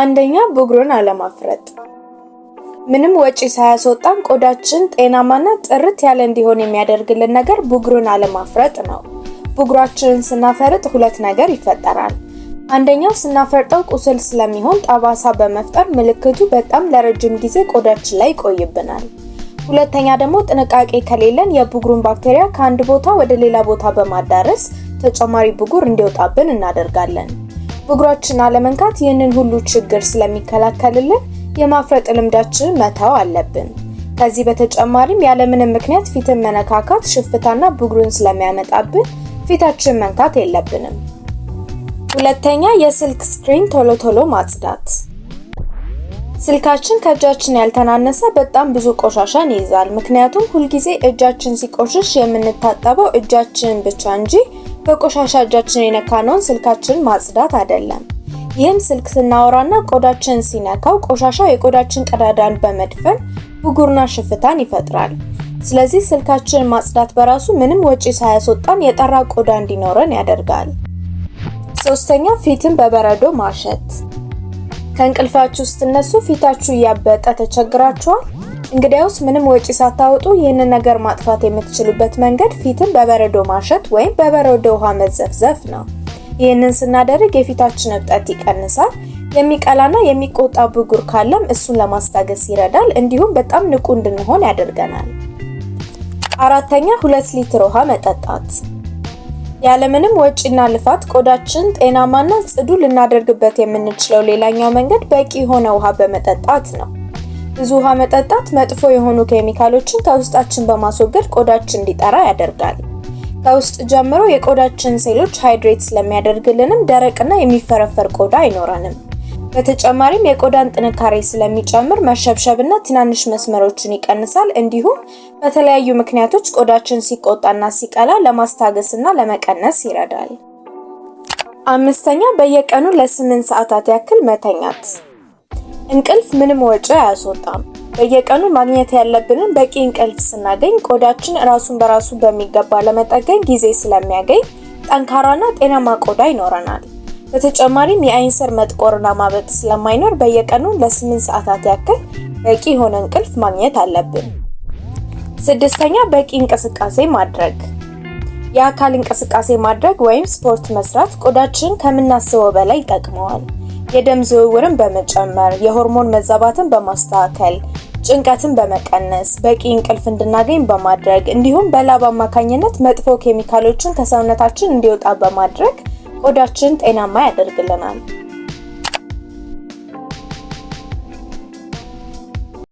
አንደኛ ብጉርን አለማፍረጥ። ምንም ወጪ ሳያስወጣን ቆዳችን ጤናማና ጥርት ያለ እንዲሆን የሚያደርግልን ነገር ብጉርን አለማፍረጥ ነው። ብጉራችንን ስናፈርጥ ሁለት ነገር ይፈጠራል። አንደኛው ስናፈርጠው ቁስል ስለሚሆን ጠባሳ በመፍጠር ምልክቱ በጣም ለረጅም ጊዜ ቆዳችን ላይ ይቆይብናል። ሁለተኛ ደግሞ ጥንቃቄ ከሌለን የብጉሩን ባክቴሪያ ከአንድ ቦታ ወደ ሌላ ቦታ በማዳረስ ተጨማሪ ብጉር እንዲወጣብን እናደርጋለን። ብጉራችን አለመንካት ይህንን ሁሉ ችግር ስለሚከላከልልን የማፍረጥ ልምዳችንን መተው አለብን። ከዚህ በተጨማሪም ያለምንም ምክንያት ፊትን መነካካት ሽፍታና ብጉርን ስለሚያመጣብን ፊታችን መንካት የለብንም። ሁለተኛ የስልክ ስክሪን ቶሎ ቶሎ ማጽዳት። ስልካችን ከእጃችን ያልተናነሰ በጣም ብዙ ቆሻሻን ይይዛል። ምክንያቱም ሁልጊዜ እጃችን ሲቆሽሽ የምንታጠበው እጃችንን ብቻ እንጂ በቆሻሻ እጃችን የነካነውን ስልካችን ማጽዳት አይደለም። ይህም ስልክ ስናወራና ቆዳችን ሲነካው ቆሻሻ የቆዳችን ቀዳዳን በመድፈን ብጉርና ሽፍታን ይፈጥራል። ስለዚህ ስልካችን ማጽዳት በራሱ ምንም ወጪ ሳያስወጣን የጠራ ቆዳ እንዲኖረን ያደርጋል። ሶስተኛ፣ ፊትን በበረዶ ማሸት። ከእንቅልፋችሁ ስትነሱ ፊታችሁ እያበጠ ተቸግራችኋል? እንግዲያውስ ምንም ወጪ ሳታወጡ ይህንን ነገር ማጥፋት የምትችሉበት መንገድ ፊትን በበረዶ ማሸት ወይም በበረዶ ውሃ መዘፍዘፍ ነው። ይህንን ስናደርግ የፊታችን እብጠት ይቀንሳል። የሚቀላና የሚቆጣ ብጉር ካለም እሱን ለማስታገስ ይረዳል። እንዲሁም በጣም ንቁ እንድንሆን ያደርገናል። አራተኛ ሁለት ሊትር ውሃ መጠጣት። ያለምንም ወጪና ልፋት ቆዳችን ጤናማና ጽዱ ልናደርግበት የምንችለው ሌላኛው መንገድ በቂ የሆነ ውሃ በመጠጣት ነው። ብዙ ውሃ መጠጣት መጥፎ የሆኑ ኬሚካሎችን ከውስጣችን በማስወገድ ቆዳችን እንዲጠራ ያደርጋል። ከውስጥ ጀምሮ የቆዳችን ሴሎች ሃይድሬት ስለሚያደርግልንም ደረቅና የሚፈረፈር ቆዳ አይኖረንም። በተጨማሪም የቆዳን ጥንካሬ ስለሚጨምር መሸብሸብና ትናንሽ መስመሮችን ይቀንሳል። እንዲሁም በተለያዩ ምክንያቶች ቆዳችን ሲቆጣና ሲቀላ ለማስታገስና ለመቀነስ ይረዳል። አምስተኛ በየቀኑ ለስምንት ሰዓታት ያክል መተኛት እንቅልፍ ምንም ወጪ አያስወጣም። በየቀኑ ማግኘት ያለብንን በቂ እንቅልፍ ስናገኝ ቆዳችን ራሱን በራሱ በሚገባ ለመጠገን ጊዜ ስለሚያገኝ ጠንካራና ጤናማ ቆዳ ይኖረናል። በተጨማሪም የአይን ስር መጥቆርና ማበጥ ስለማይኖር በየቀኑ ለ8 ሰዓታት ያክል በቂ የሆነ እንቅልፍ ማግኘት አለብን። ስድስተኛ በቂ እንቅስቃሴ ማድረግ። የአካል እንቅስቃሴ ማድረግ ወይም ስፖርት መስራት ቆዳችንን ከምናስበው በላይ ይጠቅመዋል። የደም ዝውውርን በመጨመር የሆርሞን መዛባትን በማስተካከል ጭንቀትን በመቀነስ በቂ እንቅልፍ እንድናገኝ በማድረግ እንዲሁም በላብ አማካኝነት መጥፎ ኬሚካሎችን ከሰውነታችን እንዲወጣ በማድረግ ቆዳችን ጤናማ ያደርግልናል።